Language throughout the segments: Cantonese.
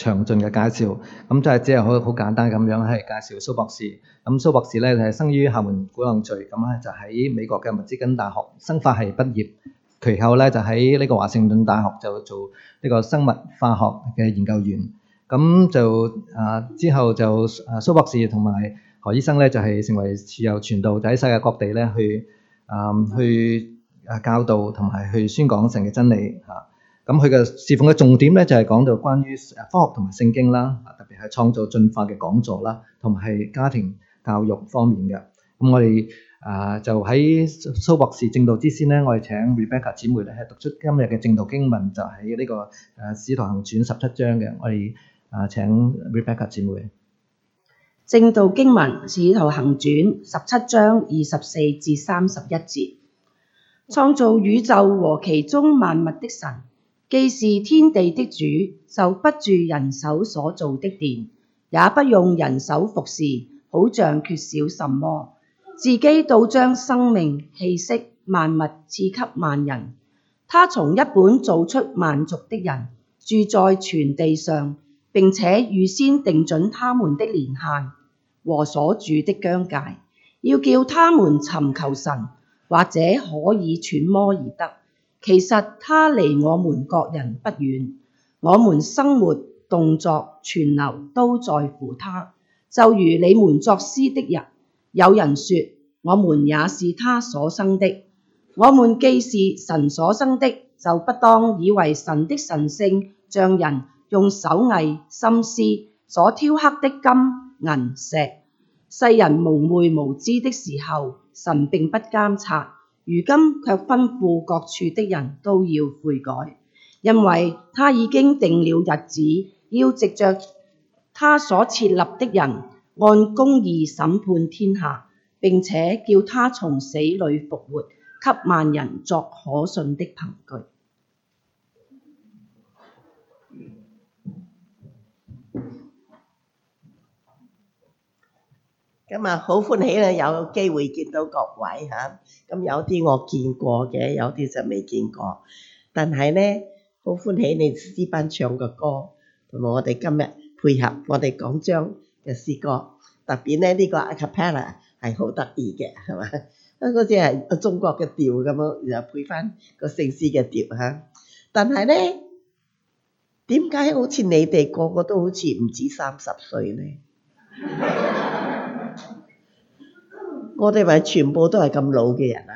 詳盡嘅介紹，咁就係只係好好簡單咁樣，係介紹蘇博士。咁蘇博士咧就係生於廈門鼓浪嶼，咁咧就喺美國嘅密茲根大學生化系畢業，其後咧就喺呢個華盛頓大學就做呢個生物化學嘅研究員。咁就啊之後就啊蘇博士同埋何醫生咧就係、是、成為自由傳道，就喺世界各地咧去啊去啊教導同埋去宣講神嘅真理嚇。咁佢嘅侍奉嘅重點咧，就係講到關於誒科學同埋聖經啦，特別係創造進化嘅講座啦，同埋係家庭教育方面嘅。咁我哋啊就喺蘇博士正道之先咧，我哋請 Rebecca 姊妹咧係讀出今日嘅正道經文，就喺呢個誒《使徒行傳》十七章嘅。我哋啊請 Rebecca 姊妹正道經文《使徒行傳》十七章二十四至三十一節，創造宇宙和其中萬物的神。既是天地的主，受不住人手所造的殿，也不用人手服侍，好像缺少什麼，自己倒將生命氣息萬物賜給萬人。他從一本造出萬族的人，住在全地上，並且預先定準他們的年限和所住的疆界，要叫他們尋求神，或者可以揣摩而得。其實他離我們各人不遠，我們生活動作存留都在乎他。就如你們作詩的人，有人說我們也是他所生的。我們既是神所生的，就不當以為神的神性像人用手藝心思所雕刻的金銀石。世人蒙昧無知的時候，神並不監察。如今卻吩咐各處的人都要悔改，因為他已經定了日子，要藉着他所設立的人，按公義審判天下，並且叫他從死裏復活，給萬人作可信的憑據。咁啊，好歡喜啦！有機會見到各位嚇，咁有啲我見過嘅，有啲就未見過。但係咧，好歡喜你詩班唱嘅歌，同埋我哋今日配合我哋講章嘅詩歌，特別咧呢個 a cappella 係好得意嘅，係嘛？嗰隻係中國嘅調咁樣，然後配翻個聖詩嘅調嚇。但係咧，點解好似你哋個個都好似唔止三十歲咧？我哋咪全部都係咁老嘅人啊，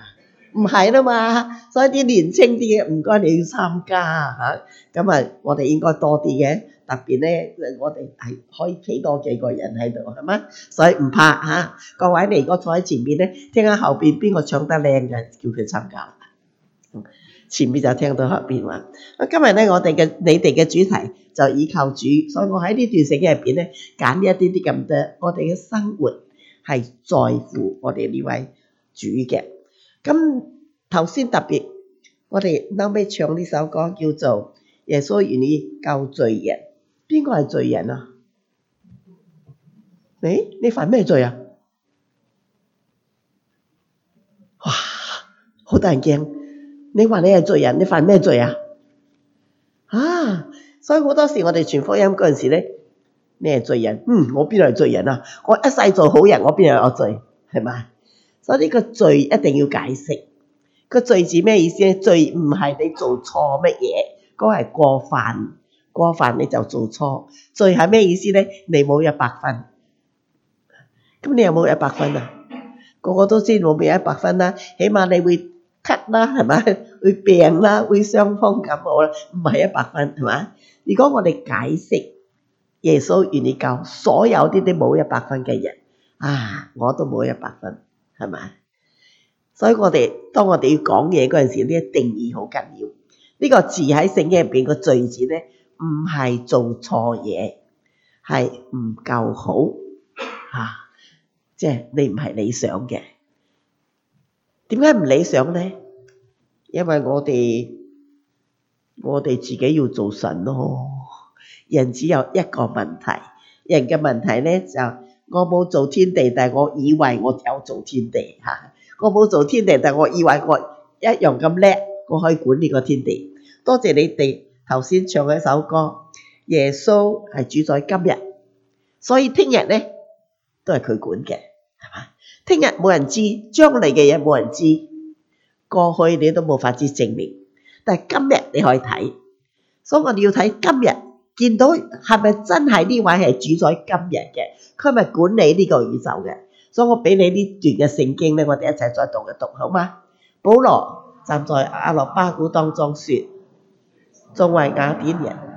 唔係啦嘛？所以啲年青啲嘅唔該你要參加嚇，咁啊我哋應該多啲嘅，特別咧我哋係可以企多幾個人喺度係嘛？所以唔怕嚇，各位如果坐喺前邊咧，聽下後邊邊個唱得靚嘅，叫佢參加，前邊就聽到後邊喇，我今日咧我哋嘅你哋嘅主題就倚靠主，所以我喺呢段時間入邊咧，揀一啲啲咁多我哋嘅生活。係在乎我哋呢位主嘅。咁頭先特別，我哋嬲尾唱呢首歌叫做《耶穌願意救罪人》，邊個係罪人啊？誒，你犯咩罪啊？哇，好大驚！你話你係罪人，你犯咩罪啊？啊，所以好多時我哋傳福音嗰陣時咧。咩罪人？嗯，我邊係罪人啊？我一世做好人，我邊係惡罪，係嘛？所以呢個罪一定要解釋。這個罪字咩意思咧？罪唔係你做錯乜嘢，嗰係過犯。過犯你就做錯。罪係咩意思咧？你冇一百分，咁你有冇一百分啊？個個都知冇咩一百分啦，起碼你會咳啦，係嘛？會病啦，會傷風感冒啦，唔係一百分，係嘛？如果我哋解釋。耶穌願意教所有呢啲冇一百分嘅人啊，我都冇一百分，係咪？所以我哋當我哋要講嘢嗰陣時，呢一定義好緊要。呢、這個字喺聖經入邊個罪字咧，唔係做錯嘢，係唔夠好啊，即、就、係、是、你唔係理想嘅。點解唔理想咧？因為我哋我哋自己要做神咯。人只有一個問題，人嘅問題呢就我冇做天地，但我以為我有做天地吓、啊，我冇做天地，但我以為我一樣咁叻，我可以管呢個天地。多謝你哋頭先唱嘅一首歌，耶穌係主宰今日，所以聽日呢都係佢管嘅，係嘛？聽日冇人知，將來嘅嘢冇人知，過去你都冇法子證明，但係今日你可以睇，所以我哋要睇今日。見到係咪真係呢位係主宰今日嘅？佢咪管理呢個宇宙嘅？所以我畀你呢段嘅聖經咧，我哋一齊再讀一讀好嗎？保羅站在亞略巴古當中說：眾位雅典人。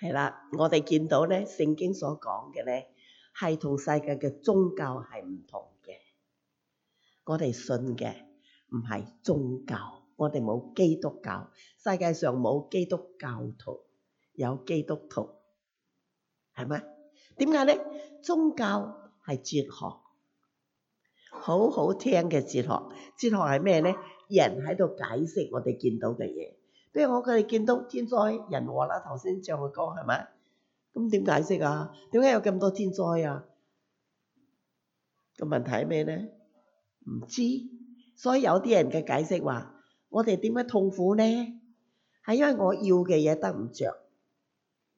係啦，我哋見到咧，聖經所講嘅咧，係同世界嘅宗教係唔同嘅。我哋信嘅唔係宗教，我哋冇基督教，世界上冇基督教徒，有基督徒，係咩？點解咧？宗教係哲學，好好聽嘅哲學。哲學係咩咧？人喺度解釋我哋見到嘅嘢。即係我佢哋見到天災人禍啦，頭先唱嘅歌係咪？咁點解釋啊？點解有咁多天災啊？個問題係咩咧？唔知，所以有啲人嘅解釋話：我哋點解痛苦咧？係因為我要嘅嘢得唔着，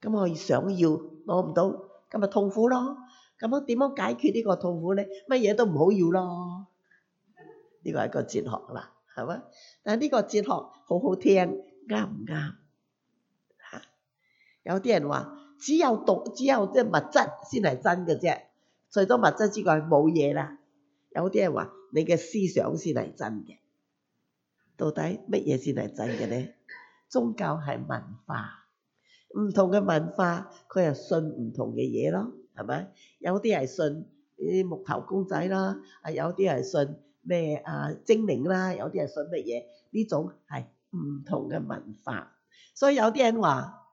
咁我想要攞唔到，咁咪痛苦咯？咁我點樣解決呢個痛苦咧？乜嘢都唔好要咯？呢個係個哲學啦，係嘛？但係呢個哲學好好聽。啱唔啱？有啲人話，只有讀，只有即係物質先係真嘅啫。除咗物質之外，冇嘢啦。有啲人話，你嘅思想先係真嘅。到底乜嘢先係真嘅咧？宗教係文化，唔同嘅文化佢又信唔同嘅嘢咯，係咪？有啲係信啲木頭公仔啦，啊有啲係信咩啊精靈啦，有啲係信乜嘢？呢種係。唔同嘅文化，所以有啲人話：，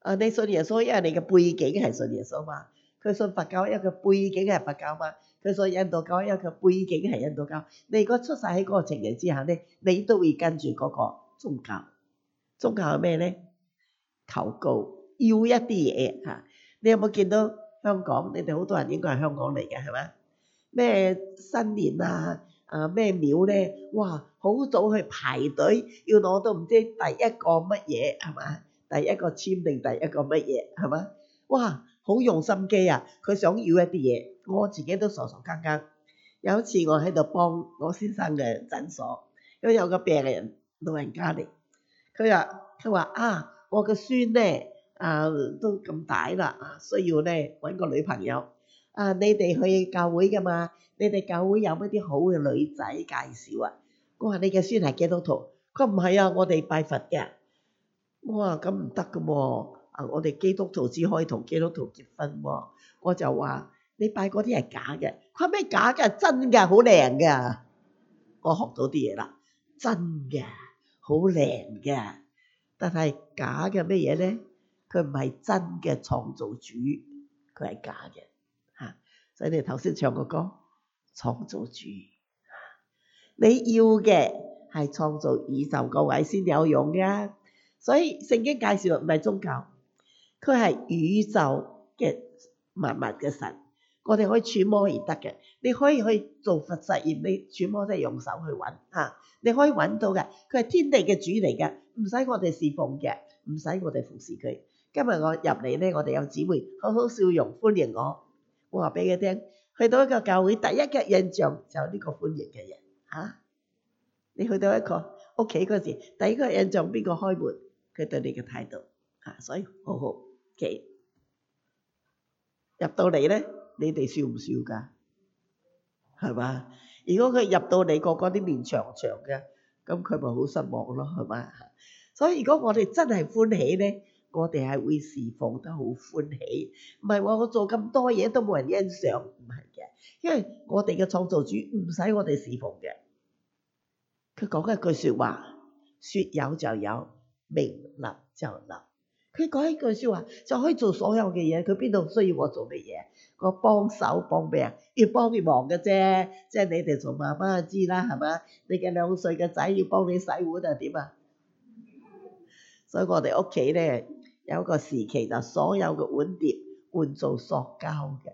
啊，你信耶穌，因為你嘅背景係信耶穌嘛；，佢信佛教，因為佢背景係佛教嘛；，佢信印度教，因為佢背景係印度教。你如果出世喺嗰個情形之下咧，你都會跟住嗰個宗教。宗教係咩咧？求告，要一啲嘢嚇。你有冇見到香港？你哋好多人應該係香港嚟嘅，係咪？咩新年啊？咩廟咧，哇！好早去排隊，要攞到唔知第一個乜嘢係嘛？第一個簽定第一個乜嘢係嘛？哇！好用心機啊，佢想要一啲嘢，我自己都傻傻更更。有一次我喺度幫我先生嘅診所，因為有個病人老人家嚟，佢話佢話啊，我個孫咧啊都咁大啦，需要咧揾個女朋友。啊！你哋去教會噶嘛？你哋教會有乜啲好嘅女仔介紹啊？我話你嘅孫係基督徒，佢唔係啊，我哋拜佛嘅。我話咁唔得噶喎，我哋基督徒只可以同基督徒結婚喎。我就話你拜嗰啲係假嘅，佢咩假嘅？真嘅？好靚噶我學到啲嘢啦，真嘅，好靚嘅，但係假嘅咩嘢咧？佢唔係真嘅創造主，佢係假嘅。所以你頭先唱個歌，創造主，你要嘅係創造宇宙個位先有用嘅。所以聖經介紹唔係宗教，佢係宇宙嘅萬物嘅神，我哋可以揣摩而得嘅。你可以去做佛實驗，你揣摩都係用手去揾，啊，你可以揾到嘅。佢係天地嘅主嚟嘅，唔使我哋侍奉嘅，唔使我哋服侍佢。今日我入嚟咧，我哋有姊妹好好笑容歡迎我。我話俾佢聽，去到一個教會，第一個印象就呢個歡迎嘅人，吓？你去到一個屋企嗰時，第一個印象邊個開門，佢對你嘅態度，吓，所以好好嘅。入到嚟咧，你哋笑唔笑噶？係嘛？如果佢入到嚟個嗰啲面長長嘅，咁佢咪好失望咯，係嘛？所以如果我哋真係歡喜咧。我哋係會侍奉得好歡喜，唔係話我做咁多嘢都冇人欣賞，唔係嘅，因為我哋嘅創造主唔使我哋侍奉嘅。佢講一句說話，說有就有，命立就立。佢講一句說話就可以做所有嘅嘢，佢邊度需要我做乜嘢，我幫手幫命，越幫越忙嘅啫。即係你哋做媽媽就知啦，係嘛？你嘅兩歲嘅仔要幫你洗碗啊？點啊？所以我哋屋企咧。有一個時期，就所有嘅碗碟換做塑膠嘅，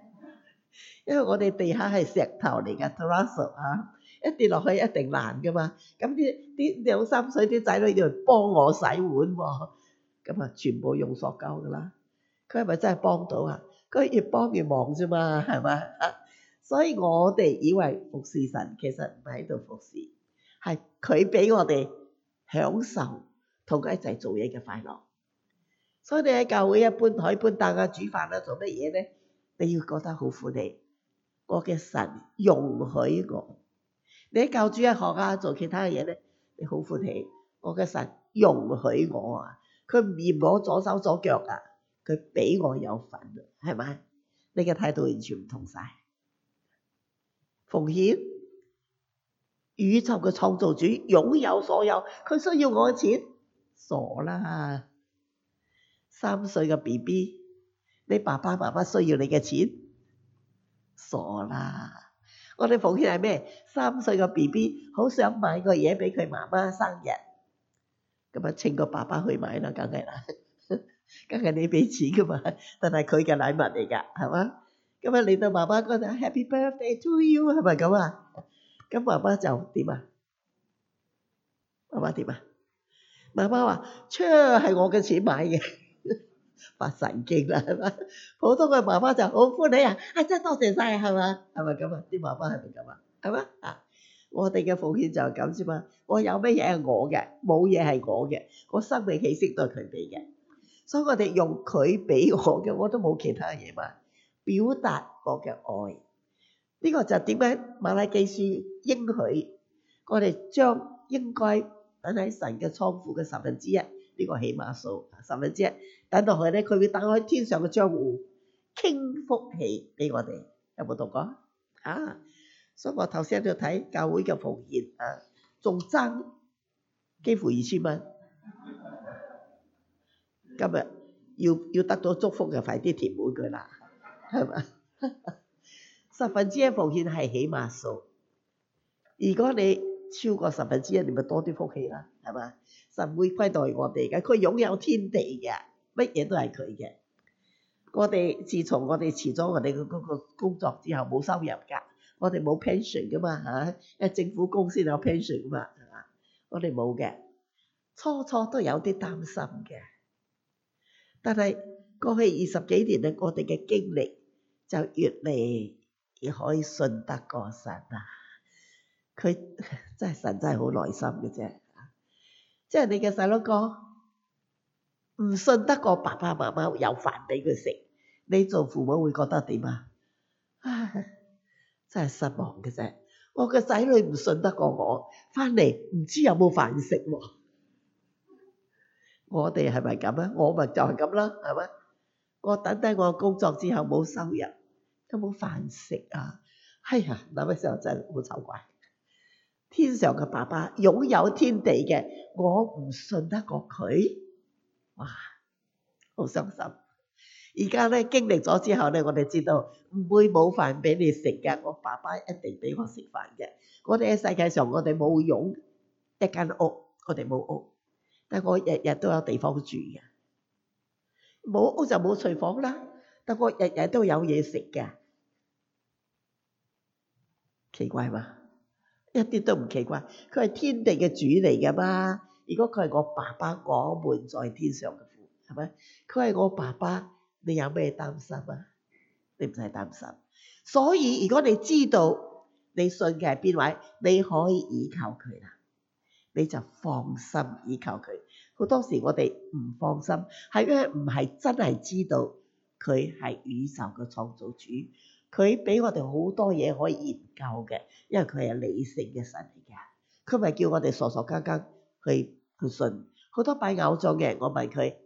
因為我哋地下係石頭嚟噶係嘛熟啊？ 一跌落去一定爛噶嘛。咁啲啲兩三歲啲仔女要嚟幫我洗碗喎，咁啊全部用塑膠噶啦。佢係咪真係幫到啊？佢越幫越忙啫嘛，係嘛啊？所以我哋以為服侍神，其實唔係喺度服侍，係佢畀我哋享受同佢一齊做嘢嘅快樂。所以你喺教會啊，搬台搬凳啊，煮飯啊，做乜嘢咧？你要覺得好歡喜，我嘅神容許我。你喺教主一學啊，做其他嘢咧，你好歡喜，我嘅神容許我啊，佢唔嫌我左手左腳啊，佢畀我有份啊，係咪？你嘅態度完全唔同晒。奉獻宇宙嘅創造主擁有所有，佢需要我嘅錢，傻啦。三歲嘅 B B，你爸爸媽媽需要你嘅錢？傻啦！我哋奉勸係咩？三歲嘅 B B 好想買個嘢，畀佢媽媽生日，咁啊，請個爸爸去買啦，梗係啦，梗係你畀錢噶嘛？但係佢嘅禮物嚟噶，係嘛？咁啊，嚟到媽媽嗰度，Happy Birthday to you，係咪咁啊？咁媽媽就點啊？媽媽點啊？媽媽話車係我嘅錢買嘅。發神經啦，係嘛？普通嘅媽媽就好歡喜啊！啊，真多謝晒，係嘛？係咪咁啊？啲媽媽係咪咁啊？係嘛？我哋嘅奉獻就係咁啫嘛。我有咩嘢係我嘅？冇嘢係我嘅。我生命氣息都係佢俾嘅，所以我哋用佢俾我嘅，我都冇其他嘢嘛。表達我嘅愛，呢、這個就點樣？馬拉基書應許我哋將應該等喺神嘅倉庫嘅十分之一，呢、這個起碼數，十分之一。等，等到佢咧，佢會打開天上嘅賬戶傾福氣畀我哋，有冇讀過啊？所以我頭先喺度睇教會嘅奉獻啊，仲爭，幾乎二千蚊。今日要要得到祝福嘅，快啲填滿佢啦，係嘛？十分之一奉獻係起碼數，如果你超過十分之一，你咪多啲福氣啦，係嘛？神會虧待我哋嘅，佢擁有天地嘅。乜嘢都係佢嘅，我哋自從我哋辭咗我哋嘅嗰個工作之後，冇收入噶，我哋冇 pension 噶嘛，嚇、啊，政府公司先有 pension 噶嘛係嘛？我哋冇嘅，初初都有啲擔心嘅，但係過去二十幾年啊，我哋嘅經歷就越嚟越可以信得過神啦、啊，佢真係神真係好耐心嘅啫，即係你嘅細佬哥。唔信得過爸爸媽媽有飯畀佢食，你做父母會覺得點啊？唉，真係失望嘅啫。我個仔女唔信得過我，翻嚟唔知有冇飯食喎。我哋係咪咁啊？我咪就係咁囉，係咪？我等等我工作之後冇收入，都冇飯食啊！哎呀，諗起時候真係好醜怪。天上嘅爸爸擁有天地嘅，我唔信得過佢。哇，好傷心！而家咧經歷咗之後咧，我哋知道唔會冇飯畀你食噶。我爸爸一定畀我食飯嘅。我哋喺世界上，我哋冇用一間屋，我哋冇屋，但我日日都有地方住嘅。冇屋就冇廚房啦，但我日日都有嘢食嘅。奇怪嘛？一啲都唔奇怪。佢係天地嘅主嚟噶嘛。如果佢係我爸爸，我們在天上嘅父，係咪？佢係我爸爸，你有咩擔心啊？你唔使擔心。所以，如果你知道你信嘅係邊位，你可以依靠佢啦，你就放心依靠佢。好多時我哋唔放心，係因為唔係真係知道佢係宇宙嘅創造主，佢俾我哋好多嘢可以研究嘅，因為佢係理性嘅神嚟嘅，佢咪叫我哋傻傻更更去。信好多拜偶像嘅人，我問佢，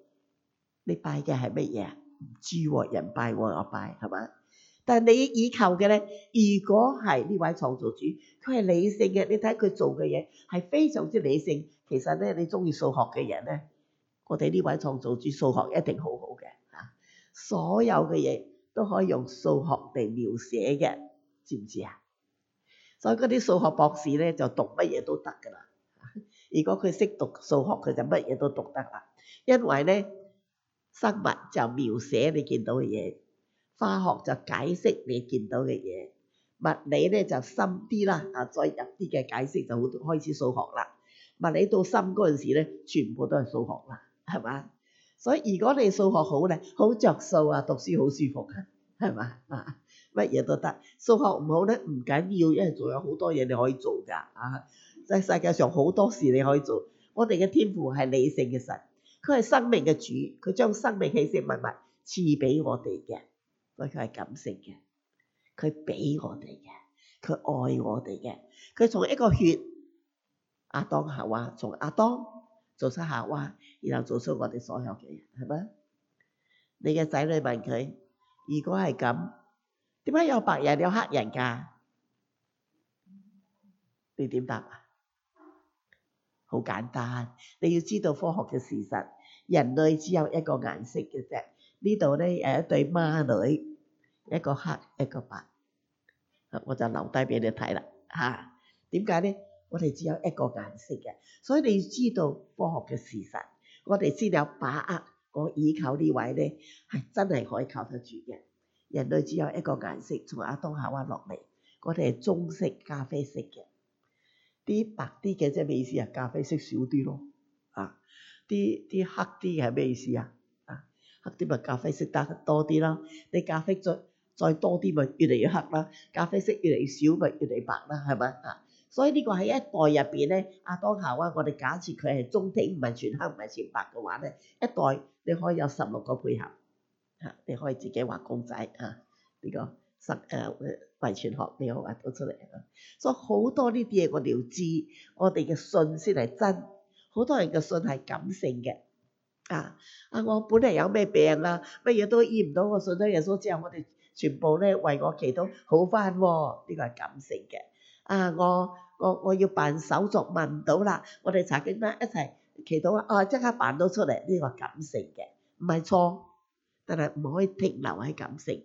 你拜嘅係乜嘢？唔知喎，人拜我，我拜，係嘛？但係你以求嘅咧，如果係呢位創造主，佢係理性嘅，你睇佢做嘅嘢係非常之理性。其實咧，你中意數學嘅人咧，我哋呢位創造主數學一定好好嘅。啊，所有嘅嘢都可以用數學嚟描寫嘅，知唔知啊？所以嗰啲數學博士咧，就讀乜嘢都得噶啦。如果佢識讀數學，佢就乜嘢都讀得啦。因為咧，生物就描寫你見到嘅嘢，化學就解釋你見到嘅嘢，物理咧就深啲啦啊，再入啲嘅解釋就會開始數學啦。物理到深嗰陣時咧，全部都係數學啦，係嘛？所以如果你數學好咧，好着數啊，讀書好舒服啊，係嘛？乜嘢都得，數學唔好咧，唔緊要，因為仲有好多嘢你可以做㗎啊。但世界上好多事你可以做，我哋嘅天父係理性嘅神，佢係生命嘅主，佢將生命氣息密密賜俾我哋嘅，所以佢係感性嘅，佢俾我哋嘅，佢愛我哋嘅，佢從一個血阿當夏娃，從阿當做出夏娃，然後做出我哋所有嘅人，係咪？你嘅仔女問佢：如果係咁，點解有白人、有黑人㗎？你點答啊？好簡單，你要知道科學嘅事實，人類只有一個顏色嘅啫。呢度咧誒，有一對孖女，一個黑，一個白，我就留低俾你睇啦嚇。點解咧？我哋只有一個顏色嘅，所以你要知道科學嘅事實，我哋先有把握我依靠位呢位咧係真係可以靠得住嘅。人類只有一個顏色，從阿東、啊、下灣落嚟，我哋係中式咖啡色嘅。啲白啲嘅即係咩意思啊？意思意思啊咖？咖啡色少啲咯，啊！啲啲黑啲係咩意思啊？啊！黑啲咪咖啡色得多啲咯。你咖啡再再多啲咪越嚟越黑啦，咖啡色越嚟越少咪越嚟越白啦，係咪啊？所以呢個喺一代入邊咧，阿、啊、當下啊，我哋假設佢係中等，唔係全黑，唔係全白嘅話咧，一代你可以有十六個配合嚇、啊，你可以自己畫公仔啊。呢、這個十誒。啊遺傳學俾我話到出嚟，所以好多呢啲嘢我哋要知，我哋嘅信先係真。好多人嘅信係感性嘅，啊啊！我本嚟有咩病啦、啊，乜嘢都醫唔到，我信咗耶穌之後，我哋全部咧為我祈禱好翻喎、啊。呢、這個係感性嘅，啊我我我要辦手續，問到啦，我哋查經班一齊祈禱啊，哦即刻辦到出嚟。呢、這個感性嘅，唔係錯，但係唔可以停留喺感性。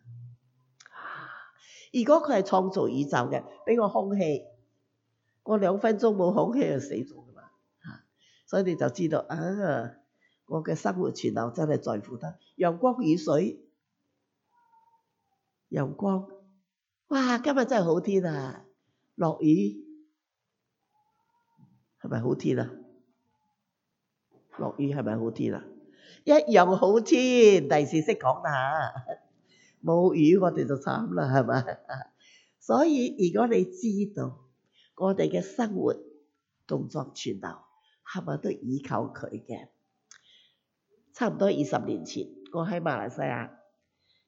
如果佢係創造宇宙嘅，俾個空氣，過兩分鐘冇空氣就死咗㗎嘛、啊、所以你就知道啊，我嘅生活全流真係在乎他陽光雨水，陽光，哇，今日真係好天啊，落雨係咪好天啊？落雨係咪好天啊？一樣好天，第二次識講啦。冇雨，我哋就慘啦，係嘛？所以如果你知道我哋嘅生活動作全流係咪都依靠佢嘅？差唔多二十年前，我喺馬來西亞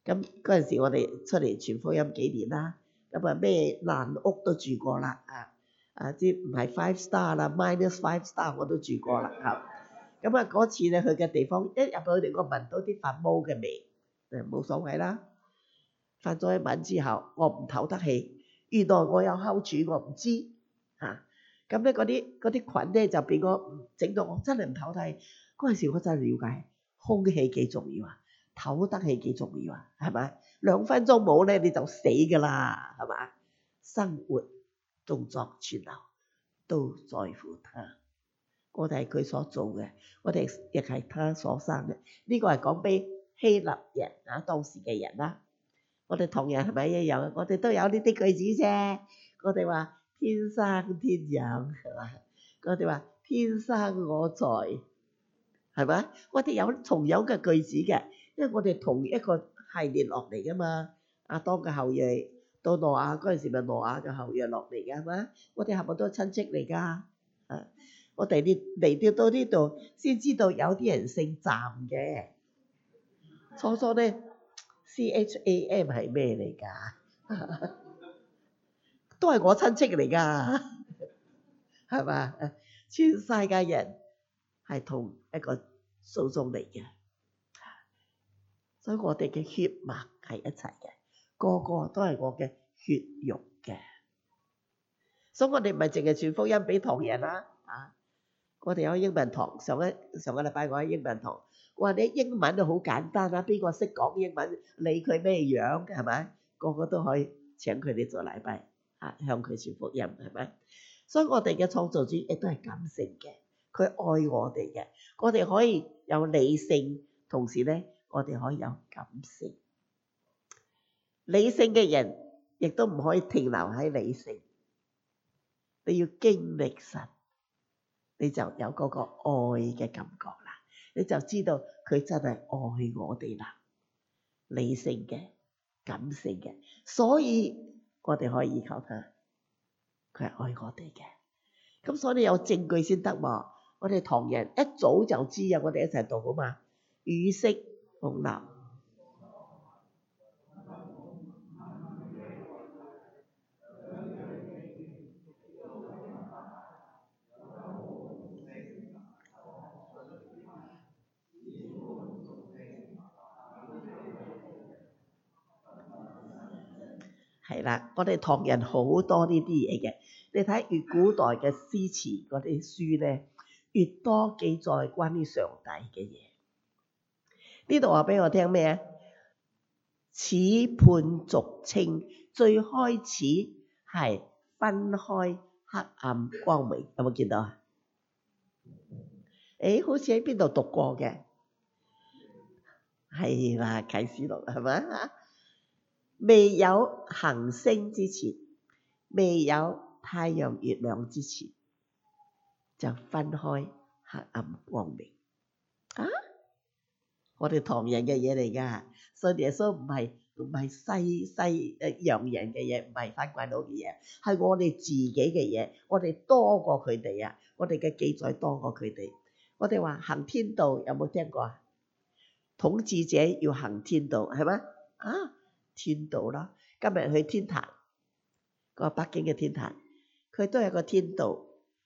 咁嗰陣時，我哋出嚟傳福音幾年啦。咁啊咩爛屋都住過啦啊啊！即唔係 five star 啦，minus five star 我都住過啦嚇。咁啊嗰次咧去嘅地方，一入去我哋我聞到啲發毛嘅味，誒冇所謂啦。發咗一晚之後，我唔唞得氣。原來我有哮喘，我唔知嚇。咁咧嗰啲啲菌咧就俾我整到我真係唔唞得氣。嗰陣時我真係了解空氣幾重要啊，唞得氣幾重要啊，係咪？兩分鐘冇咧你就死㗎啦，係嘛？生活動作全流都在乎他，我哋係佢所做嘅，我哋亦係他所生嘅。呢、這個係講俾希臘人啊，當時嘅人啦。我哋同人係咪一樣？我哋都有呢啲句子啫。我哋話天生天養係嘛？我哋話天生我材係嘛？我哋有同樣嘅句子嘅，因為我哋同一個系列落嚟㗎嘛。阿當嘅後裔到羅亞嗰陣時，咪羅亞嘅後裔落嚟嘅係嘛？我哋全部都係親戚嚟㗎。啊！我哋調嚟調到呢度，先知道有啲人姓湛嘅，初初呢。Cham 係咩嚟㗎？都係我親戚嚟㗎，係嘛？全世界人係同一個祖宗嚟嘅，所以我哋嘅血脈係一齊嘅，個個都係我嘅血肉嘅，所以我哋唔係淨係傳福音畀唐人啦，啊！我哋有英文堂，上一上個禮拜我喺英文堂。或者英文都好簡單啦，邊個識講英文，理佢咩樣係咪？個個都可以請佢哋做禮拜，啊向佢說福音係咪？所以我哋嘅創造主亦都係感性嘅，佢愛我哋嘅，我哋可以有理性，同時咧我哋可以有感性。理性嘅人亦都唔可以停留喺理性，你要經歷神，你就有嗰個愛嘅感覺。你就知道佢真係愛我哋啦，理性嘅、感性嘅，所以我哋可以依靠佢，佢係愛我哋嘅。咁所以有證據先得喎。我哋唐人一早就知啊，我哋一齊讀好嘛，《雨色紅藍》。嗱，我哋唐人好多呢啲嘢嘅，你睇越古代嘅詩詞嗰啲書咧，越多記載關於上帝嘅嘢。呢度話俾我聽咩啊？始判濁清，最開始係分開黑暗光明，有冇見到啊？誒，好似喺邊度讀過嘅，係啦，啟示錄係嘛？未有行星之前，未有太陽月亮之前，就分開黑暗光明。啊！我哋唐人嘅嘢嚟㗎，所以耶穌唔係唔係西西洋人嘅嘢，唔係番鬼佬嘅嘢，係我哋自己嘅嘢。我哋多過佢哋啊，我哋嘅記載多過佢哋。我哋話行天道，有冇聽過啊？統治者要行天道係嘛啊？天道啦，今日去天壇個北京嘅天壇，佢都有個天道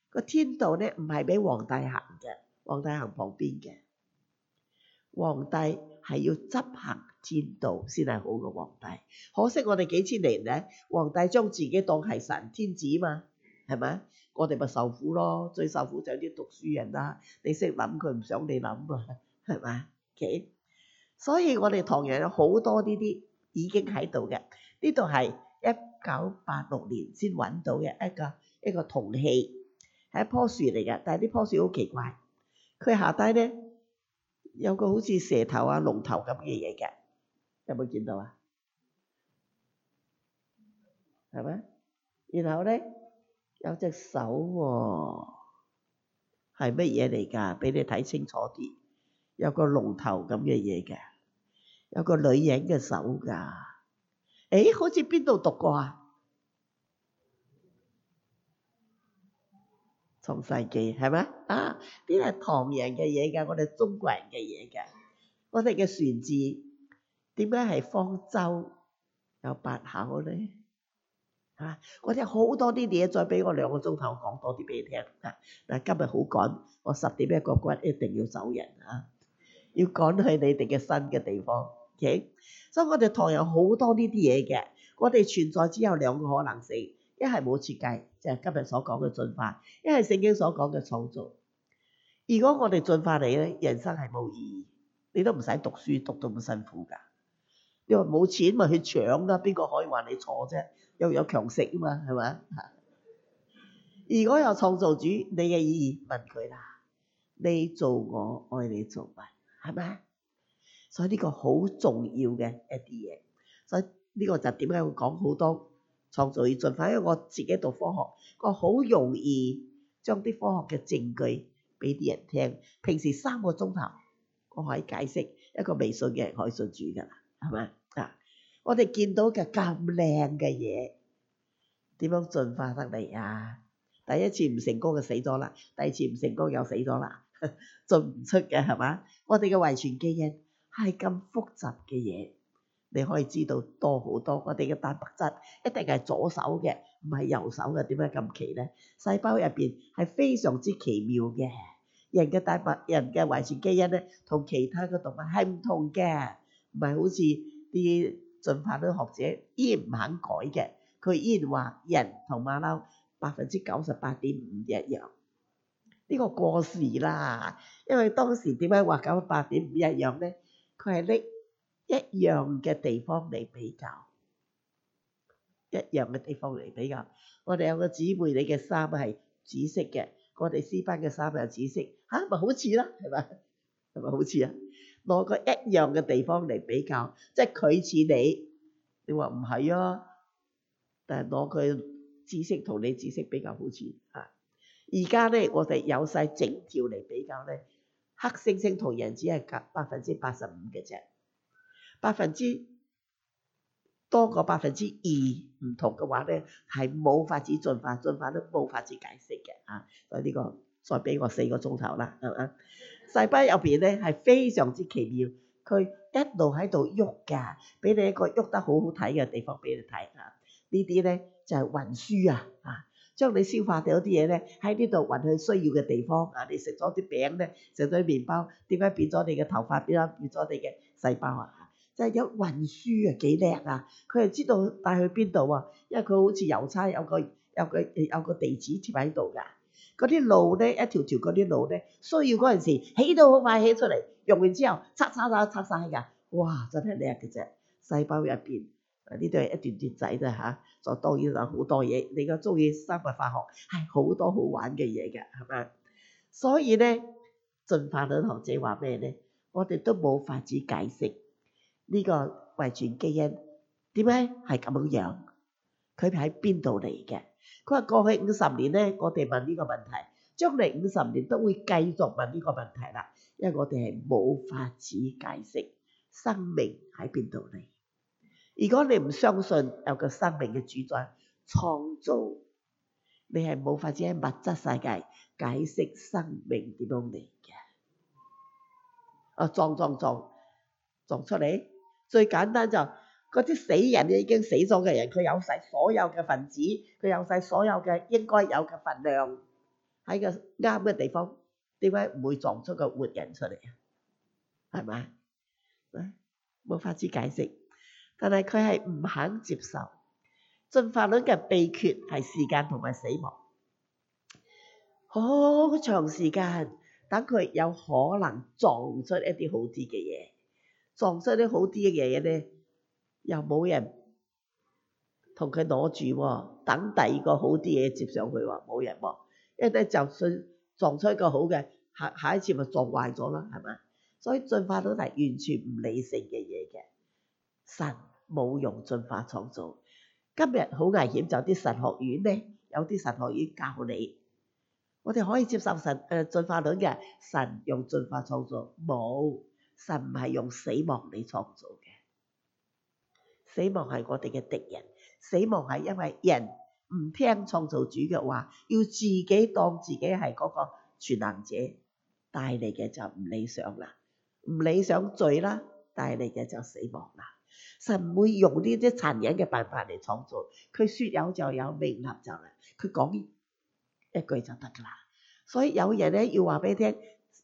個天道咧，唔係俾皇帝行嘅，皇帝行旁邊嘅。皇帝係要執行天道先係好嘅皇帝。可惜我哋幾千年咧，皇帝將自己當係神、天子嘛，係咪？我哋咪受苦咯，最受苦就啲讀書人啦、啊。你識諗，佢唔想你諗啊，係咪？所以我哋唐人好多呢啲。已經喺度嘅，呢度係一九八六年先揾到嘅一個一個銅器，係一樖樹嚟嘅，但係啲樖樹好奇怪，佢下低咧有個好似蛇頭啊、龍頭咁嘅嘢嘅，有冇見到啊？係咩？然後咧有隻手喎、啊，係乜嘢嚟噶？俾你睇清楚啲，有個龍頭咁嘅嘢嘅。有個女人嘅手噶，啊，誒，好似邊度讀過啊？世《創世紀》係咪啊？邊係唐人嘅嘢噶？我哋中國人嘅嘢噶？我哋嘅船字，點解係方舟有八口咧？啊，我哋好多啲嘢，再畀我兩個鐘頭講多啲畀你聽啊！嗱，今日好趕，我十點一個骨一定要走人啊！要趕去你哋嘅新嘅地方。所以、okay? so, 我哋堂有好多呢啲嘢嘅。我哋存在只有兩個可能性，一係冇設計，即、就、係、是、今日所講嘅進化；一係聖經所講嘅創造。如果我哋進化你咧，人生係冇意義，你都唔使讀書，讀到咁辛苦噶。你話冇錢咪去搶啦，邊個可以話你錯啫？又有強食啊嘛，係咪？如果有創造主，你嘅意義問佢啦。你做我愛你做乜？係咪？所以呢個好重要嘅一啲嘢，所以呢個就點解會講好多創造與進化？因為我自己讀科學，我好容易將啲科學嘅證據俾啲人聽。平時三個鐘頭，我可以解釋一個未信嘅人可以信主㗎啦，係咪啊？我哋見到嘅咁靚嘅嘢，點樣進化得嚟呀、啊？第一次唔成功就死咗啦，第二次唔成功又死咗啦，進唔出嘅係嘛？我哋嘅遺傳基因。係咁複雜嘅嘢，你可以知道多好多。我哋嘅蛋白質一定係左手嘅，唔係右手嘅。點解咁奇咧？細胞入邊係非常之奇妙嘅。人嘅蛋白、人嘅遺傳基因咧，同其他嘅動物係唔同嘅，唔係好似啲進化啲學者依然唔肯改嘅。佢依然話人同馬騮百分之九十八點五一樣，呢個過時啦。因為當時點解話九十八點五一樣咧？佢係拎一樣嘅地方嚟比較，一樣嘅地方嚟比較。我哋有個姊妹，你嘅衫係紫色嘅，我哋師班嘅衫又紫色，嚇咪好似囉，係咪？係咪好似啊？攞個一樣嘅地方嚟比較，即係佢似你，你話唔係啊？但係攞佢紫色同你紫色比較好似啊。而家咧，我哋有晒整條嚟比較咧。黑猩猩同人只係隔百分之八十五嘅啫，百分之多過百分之二唔同嘅話咧，係冇法子進化，進化都冇法子解釋嘅啊！所以呢個再俾我四個鐘頭啦，係、嗯、嘛、啊？細胞入邊咧係非常之奇妙，佢一度喺度喐㗎，俾你一個喐得好好睇嘅地方俾你睇嚇。啊、呢啲咧就係運輸啊，啊！將你消化掉啲嘢呢，喺呢度運去需要嘅地方啊！你食咗啲餅呢，食咗啲麵包，點解變咗你嘅頭髮變啊？變咗你嘅細胞啊！就係有運輸啊，幾靚啊！佢係知道帶去邊度啊？因為佢好似郵差有個有個有個地址貼喺度㗎。嗰啲路咧一條條，嗰啲路咧需要嗰陣時起到好快起出嚟，用完之後擦擦擦擦曬㗎。哇！真係靚嘅啫，細胞入邊。啊！呢都係一段段仔啫吓，就當然有好多嘢。你咁中意生物化學，係好多好玩嘅嘢嘅，係咪？所以咧，進化論學者話咩咧？我哋都冇法子解釋呢個遺傳基因點解係咁樣樣，佢喺邊度嚟嘅？佢話過去五十年咧，我哋問呢個問題，將嚟五十年都會繼續問呢個問題啦，因為我哋係冇法子解釋生命喺邊度嚟。如果你唔相信有個生命嘅主宰創造，你係冇法子喺物質世界解釋生命點樣嚟嘅。啊，撞撞撞撞出嚟，最簡單就嗰啲死人已經死咗嘅人，佢有晒所有嘅分子，佢有晒所有嘅應該有嘅份量喺個啱嘅地方，點解唔會撞出個活人出嚟啊？係咪？冇法子解釋。但係佢係唔肯接受進化論嘅秘訣，係時間同埋死亡，好長時間等佢有可能撞出一啲好啲嘅嘢，撞出啲好啲嘅嘢咧，又冇人同佢攞住喎，等第二個好啲嘢接上去喎，冇人喎，因為就算撞出一個好嘅，下下一次咪撞壞咗啦，係嘛？所以進化論係完全唔理性嘅嘢嘅。.神冇用進化創造，今日好危險。就啲神學院呢，有啲神學院教你，我哋可以接受神誒，進化論嘅神用進化創造，冇，神唔係用死亡嚟創造嘅，死亡係我哋嘅敵人。死亡係因為人唔聽創造主嘅話，要自己當自己係嗰個全能者，帶嚟嘅就唔理想啦。唔理想罪啦，帶嚟嘅就死亡啦。神唔會用呢啲殘忍嘅辦法嚟創造，佢說有就有，命立就啦。佢講一句就得噶啦。所以有人咧要話俾你聽，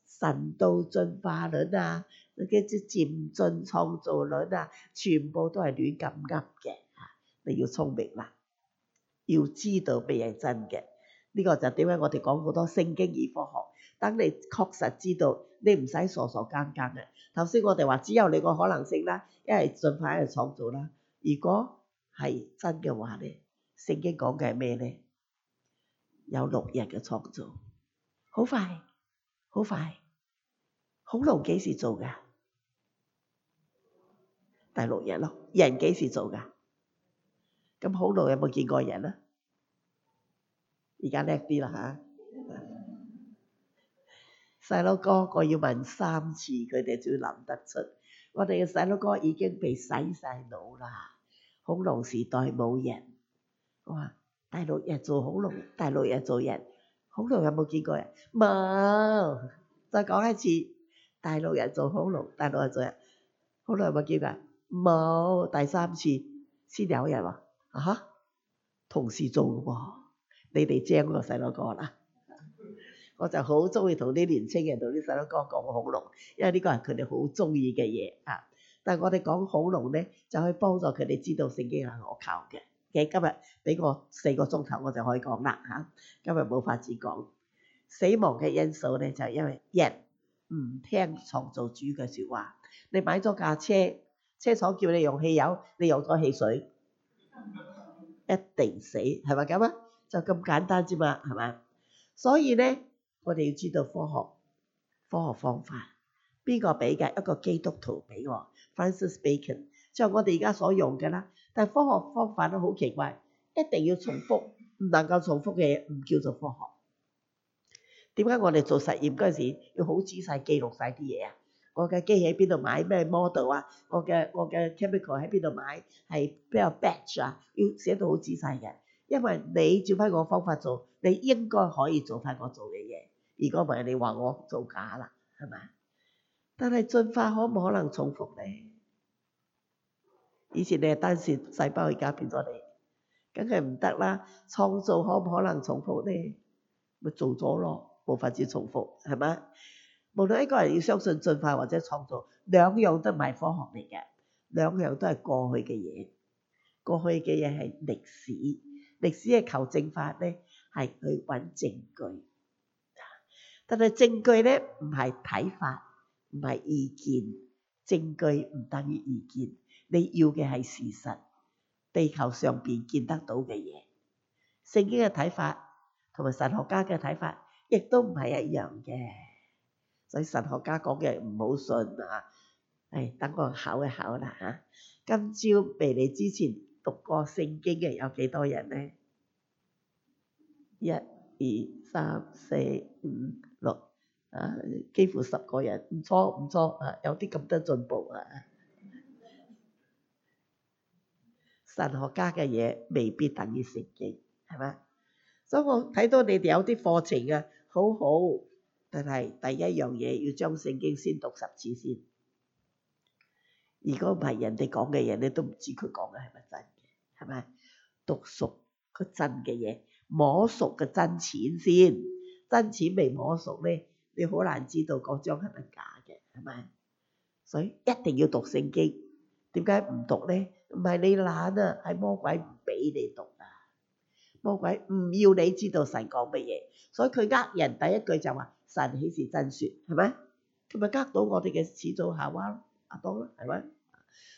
神導進化論啊，嗰啲漸進創造論啊，全部都係亂咁噏嘅。吓，你要聰明啦，要知道咩係真嘅。呢個就點解我哋講好多聖經與科學，等你確實知道。你唔使傻傻更更嘅。頭先我哋話只有你個可能性啦，一係進化，一係創造啦。如果係真嘅話咧，聖經講嘅係咩咧？有六日嘅創造，好快，好快。恐龍幾時做㗎？第六日咯。人幾時做㗎？咁恐龍有冇見過人啊？而家叻啲啦嚇！細佬哥，我要問三次，佢哋先要諗得出。我哋嘅細佬哥已經被洗晒腦啦。恐龍時代冇人，哇，大陸人做恐龍，大陸人做人，恐龍有冇見過人？冇。再講一次，大陸人做恐龍，大陸人做人，恐龍有冇見過人？冇。第三次先有人。喎，啊哈？同時做喎，你哋精過細佬哥啦。我就好中意同啲年青人同啲細佬哥講恐龍，因為呢個係佢哋好中意嘅嘢嚇。但係我哋講恐龍咧，就可以幫助佢哋知道聖經係可靠嘅。其實、啊、嘅今日俾我四個鐘頭，我就可以講啦嚇。今日冇法子講死亡嘅因素咧，就係、是、因為人唔聽創造主嘅説話。你買咗架車，車廠叫你用汽油，你用咗汽水，一定死係咪？咁啊？就咁簡單啫嘛係嘛？所以咧。我哋要知道科學，科學方法邊個俾嘅？一個基督徒俾我，Francis Bacon，就係我哋而家所用嘅啦。但係科學方法都好奇怪，一定要重複，唔能夠重複嘅嘢唔叫做科學。點解我哋做實驗嗰陣時要好仔細記錄晒啲嘢啊？我嘅機器喺邊度買咩 model 啊？我嘅我嘅 chemical 喺邊度買，係邊個 batch 啊？要寫到好仔細嘅，因為你照翻個方法做，你應該可以做翻我做嘅嘢。如果唔係你話我做假啦，係嘛？但係進化可唔可能重複咧？以前你係單線細胞，而家變咗你，梗係唔得啦。創造可唔可能重複咧？咪做咗咯，冇法子重複，係嘛？無論一個人要相信進化或者創造，兩樣都唔係科學嚟嘅，兩樣都係過去嘅嘢。過去嘅嘢係歷史，歷史嘅求證法咧係去揾證據。但係證據咧唔係睇法，唔係意見，證據唔等於意見。你要嘅係事實，地球上邊見得到嘅嘢。聖經嘅睇法同埋神學家嘅睇法亦都唔係一樣嘅，所以神學家講嘅唔好信啊！唉，等我考一考啦吓，今朝未嚟之前讀過聖經嘅有幾多人咧？一、二、三、四、五。六，幾乎十個人，唔錯唔錯啊，有啲咁多進步啊！神學家嘅嘢未必等於聖經，係咪？所以我睇到你哋有啲課程啊，好好，但係第一樣嘢要將聖經先讀十次先。如果唔係人哋講嘅嘢，你都唔知佢講嘅係咪真，係咪？讀熟佢真嘅嘢，摸熟佢真錢先。真錢未摸熟咧，你好難知道嗰張係咪假嘅，係咪？所以一定要讀聖經。點解唔讀咧？唔係你懶啊，係魔鬼唔俾你讀啊。魔鬼唔要你知道神講乜嘢，所以佢呃人第一句就話：神豈是真説，係咪？佢咪呃到我哋嘅始祖夏娃咯，亞當咯，係咪？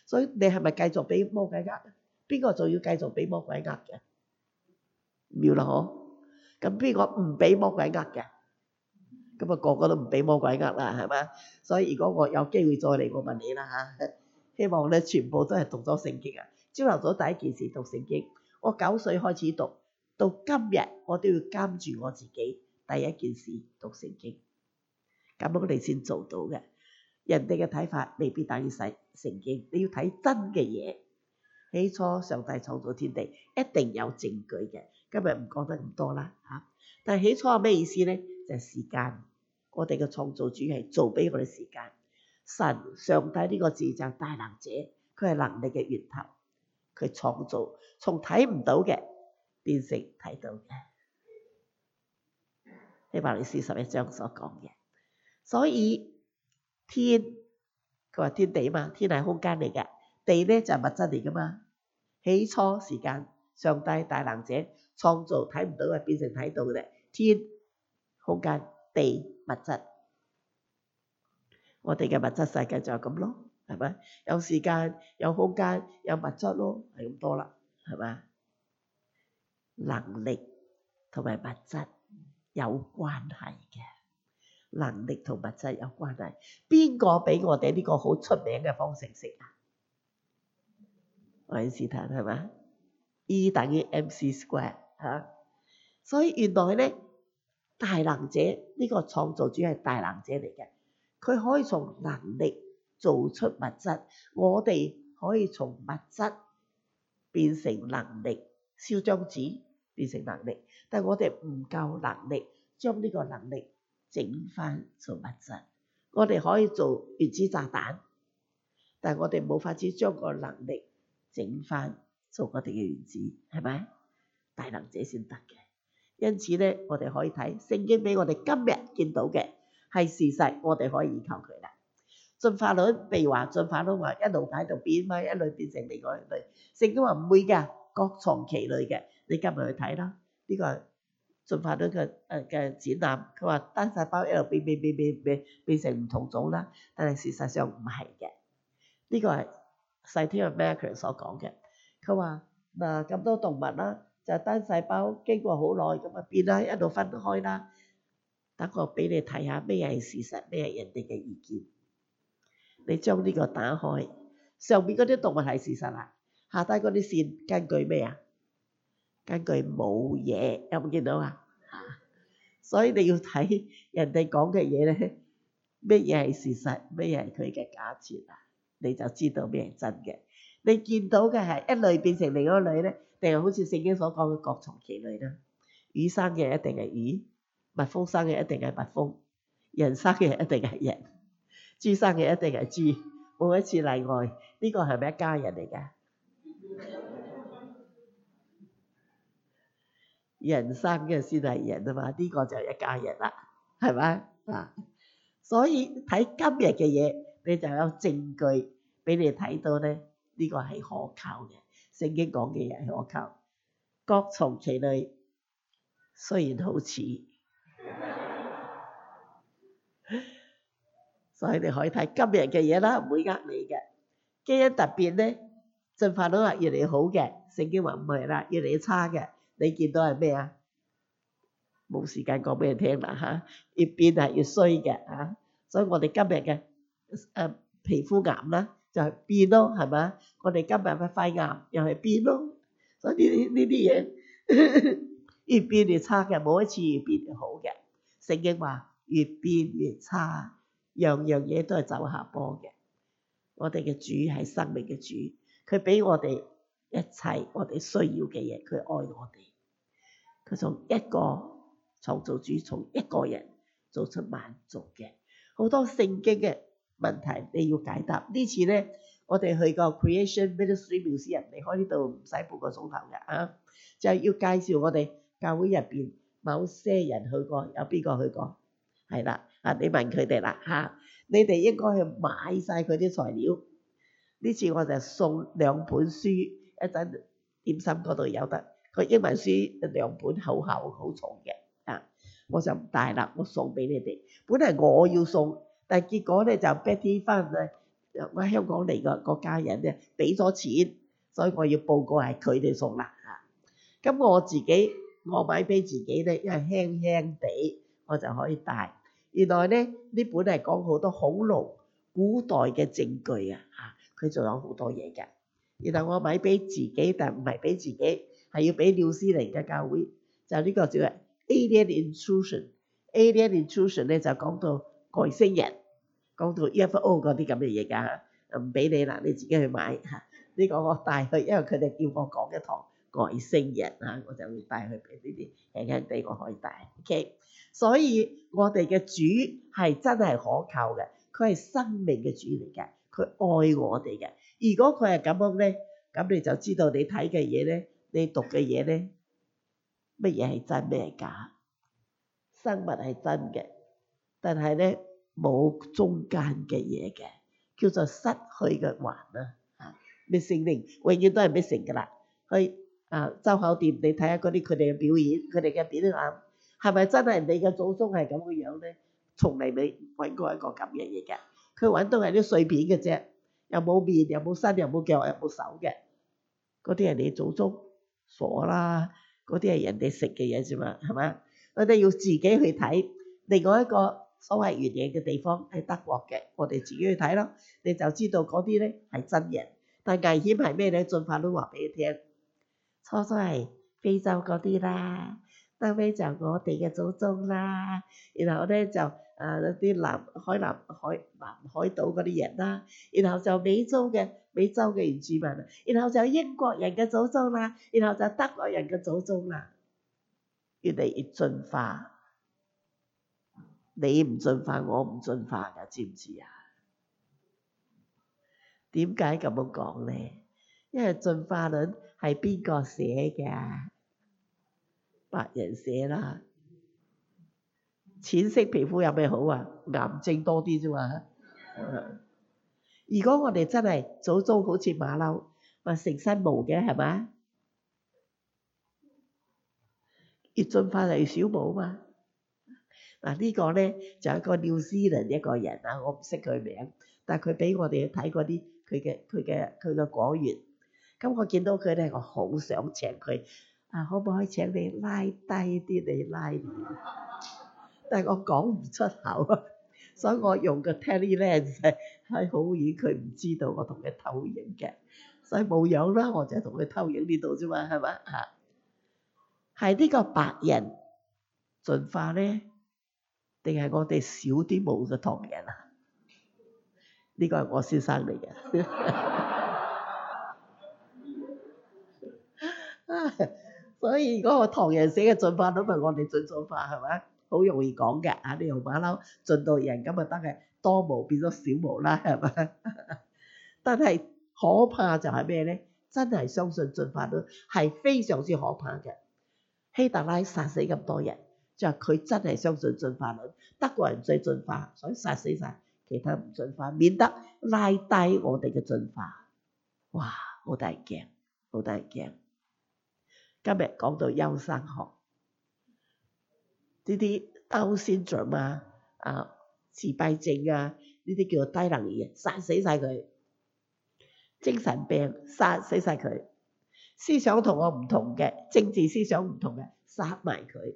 所以你係咪繼續俾魔鬼呃？邊個仲要繼續俾魔鬼呃嘅？妙啦，嗬！咁邊個唔俾魔鬼呃嘅？咁啊，個個都唔俾魔鬼呃啦，係咪？所以如果我有機會再嚟，我問你啦吓。希望咧全部都係讀咗聖經啊！朝頭早第一件事讀聖經。我九歲開始讀，到今日我都要監住我自己。第一件事讀聖經，咁我哋先做到嘅。人哋嘅睇法未必等於使聖經，你要睇真嘅嘢。起初上帝創造天地，一定有證據嘅。今日唔講得咁多啦，嚇、啊，但起初係咩意思咧？就係、是、時間，我哋嘅創造主係做俾我哋時間。神、上帝呢個字就係大能者，佢係能力嘅源頭，佢創造從睇唔到嘅變成睇到嘅。希伯來書十一章所講嘅，所以天佢話天地嘛，天係空間嚟嘅，地咧就係、是、物質嚟噶嘛。起初時間，上帝大能者。創造睇唔到啊，變成睇到嘅咧。天、空間、地、物質，我哋嘅物質世界就係咁咯，係咪？有時間、有空間、有物質咯，係咁多啦，係嘛？能力同埋物質有關係嘅，能力同物質有關係。邊個畀我哋呢個好出名嘅方程式啊？愛因斯坦係嘛？E 等於 M C square。吓、啊，所以原來咧，大能者呢、這個創造主係大能者嚟嘅，佢可以從能力做出物質，我哋可以從物質變成能力，燒張紙變成能力，但係我哋唔夠能力將呢個能力整翻做物質，我哋可以做原子炸彈，但係我哋冇法子將個能力整翻做我哋嘅原子，係咪？大能者先得嘅，因此咧，我哋可以睇聖經俾我哋今日見到嘅係事實，我哋可以依靠佢啦。進化論譬如話進化論話一路喺度變嘛，一類變成另外一類。聖經話唔會㗎，各從其類嘅。你今日去睇啦，呢個係進化論嘅誒嘅展覽，佢話單細胞一路變變變變變變成唔同種啦，但係事實上唔係嘅。呢個係《世天麥克》所講嘅，佢話嗱咁多動物啦。就單細胞經過好耐咁啊，變啦，一路分開啦。等我畀你睇下咩係事實，咩係人哋嘅意見。你將呢個打開，上面嗰啲動物係事實啦，啊，下低嗰啲線根據咩啊？根據冇嘢，有冇見到啊？吓 ，所以你要睇人哋講嘅嘢咧，咩嘢係事實，咩嘢係佢嘅假設啦，你就知道咩係真嘅。你見到嘅係一類變成另一類咧，定係好似聖經所講嘅各從其類啦，魚生嘅一定係魚，蜜蜂生嘅一定係蜜蜂，人生嘅一定係人，豬生嘅一定係豬，冇一次例外。呢個係咪一家人嚟嘅？人生嘅先係人啊嘛，呢個就係一家人啦，係咪？啊？所以睇今日嘅嘢，你就有證據俾你睇到咧，呢個係可靠嘅。聖經講嘅嘢可靠，各從其類，雖然好似，所以你可以睇今日嘅嘢啦，唔會呃你嘅。基因突變咧，進化到話越嚟越好嘅，聖經話唔係啦，越嚟越差嘅，你見到係咩啊？冇時間講俾人聽啦吓，越變係越衰嘅吓，所以我哋今日嘅誒皮膚癌啦。就係變咯，係嘛？我哋今日發肺癌又係變咯，所以呢啲呢啲嘢越變越差嘅，冇一次越變越好嘅。聖經話越變越差，樣樣嘢都係走下坡嘅。我哋嘅主係生命嘅主，佢畀我哋一切我哋需要嘅嘢，佢愛我哋。佢從一個創造主，從一個人做出萬族嘅好多聖經嘅。問題你要解答，呢次呢，我哋去個 Creation Ministry Museum，離開呢度唔使半個鐘頭嘅啊，就係要介紹我哋教會入邊某些人去過，有邊個去過？係啦，啊你問佢哋啦嚇，你哋應該去買晒佢啲材料。呢次我就送兩本書，一陣點心嗰度有得佢英文書兩本好厚好重嘅啊，我就唔帶啦，我送俾你哋。本嚟我要送。但結果咧就 Betty 翻嚟，我香港嚟個、國家人咧俾咗錢，所以我要報告係佢哋送啦嚇。咁、啊、我自己我買俾自己咧，因為輕輕地我就可以帶。原來咧呢本係講好多好老古代嘅證據啊嚇，佢仲有好多嘢嘅。原來我買俾自己，但唔係俾自己，係要俾廖師嚟嘅教會就呢、是、個叫 Alien Intrusion。Alien Intrusion 咧就講到，外星人，講到 UFO 嗰啲咁嘅嘢噶吓，唔俾你啦，你自己去買吓。呢個我帶去，因為佢哋叫我講一堂外星人吓，我就會帶去俾呢啲人哋。輕輕我可以帶，O.K.，所以我哋嘅主係真係可靠嘅，佢係生命嘅主嚟嘅，佢愛我哋嘅。如果佢係咁樣咧，咁你就知道你睇嘅嘢咧，你讀嘅嘢咧，乜嘢係真，咩係假？生物係真嘅，但係咧。冇中間嘅嘢嘅，叫做失去嘅環啦。啊，咩聖靈永遠都係未成㗎啦？去啊周口店，你睇下嗰啲佢哋嘅表演，佢哋嘅表演係咪真係你嘅祖宗係咁嘅樣咧？從嚟未揾過一個咁嘅嘢嘅，佢揾到係啲碎片嘅啫，又冇面，又冇身，又冇腳，又冇手嘅。嗰啲係人哋祖宗傻啦，嗰啲係人哋食嘅嘢啫嘛，係嘛？我哋要自己去睇另外一個。所謂原野嘅地方係德國嘅，我哋自己去睇咯，你就知道嗰啲咧係真人，但危險係咩咧？進化都話畀你聽，初初係非洲嗰啲啦，後尾就我哋嘅祖宗啦，然後咧就啊啲南海南海南海島嗰啲人啦，然後就，然後就美洲嘅美洲嘅原住民，然後就英國人嘅祖宗啦，然後就德國人嘅祖宗啦，越嚟越進化。你唔進化，我唔進化㗎，知唔知啊？點解咁樣講咧？因為進化論係邊個寫嘅？白人寫啦。淺色皮膚有咩好啊？癌症多啲啫嘛。 如果我哋真係祖宗好似馬騮，話成身毛嘅係咪啊？越進化嚟越少毛嘛。嗱，呢個咧就係、一個紐西蘭人，一個人啊，我唔識佢名，但係佢畀我哋睇過啲佢嘅佢嘅佢嘅果園、嗯。我見到佢咧，我好想請佢啊，可唔可以請你拉低啲你拉遠？但係我講唔出口， 所以我用個 tele lens 係好遠，佢唔知道我同佢偷影嘅，所以冇樣啦，我就係同佢偷影呢度啫嘛，係嘛嚇？係呢個白人進化咧。定係我哋少啲冇嘅唐人，呢個係我先生嚟嘅、 啊。所以嗰果個唐人寫嘅進化論係、就是、我哋進進化係咪？好容易講嘅啊，呢條馬騮進到人咁啊，得嘅，多毛變咗少毛啦係咪？但係可怕就係咩咧？真係相信進化論係非常之可怕嘅。希特拉殺死咁多人。就佢真係相信進化論，德國人唔使進化，所以殺死晒，其他唔進化，免得拉低我哋嘅進化。哇！好大驚，好大驚。今日講到優生學，呢啲優先進嘛啊，自閉症啊，呢啲叫做低能兒，殺死晒佢。精神病殺死晒佢，思想同我唔同嘅，政治思想唔同嘅，殺埋佢。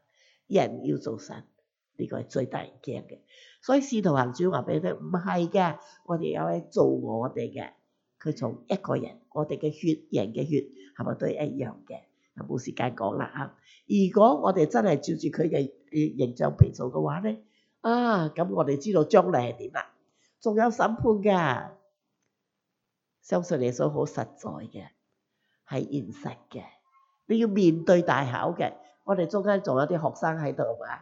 人要做神，呢個係最得人驚嘅。所以，使徒行傳話俾你聽，唔係嘅。我哋有位做我哋嘅，佢從一個人，我哋嘅血人嘅血，係咪都係一樣嘅？冇時間講啦啊！如果我哋真係照住佢嘅形象去做嘅話咧，啊，咁我哋知道將來係點啊？仲有審判噶，相信耶穌好實在嘅，係現實嘅，你要面對大考嘅。我哋中間仲有啲學生喺度嘛，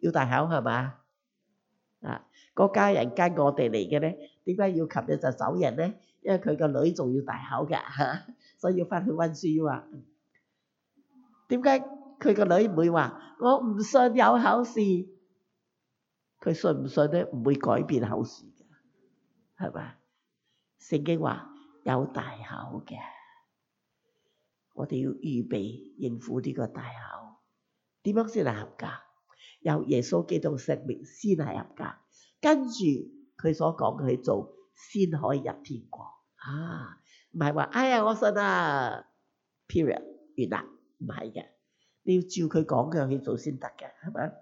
要大考係嘛？啊，國家人間我哋嚟嘅咧，點解要琴日就走人呢？因為佢個女仲要大考㗎，所以要翻去温書啊。點解佢個女唔會話我唔信有考試？佢信唔信都唔會改變考試嘅，係嘛？聖經話有大考嘅，我哋要預備應付呢個大考。點樣先係合格？由耶穌基督生命先係合格。跟住佢所講嘅去做先可以入天國啊！唔係話哎呀，我信啊，period 原來，唔係嘅，你要照佢講嘅去做先得嘅，係咪？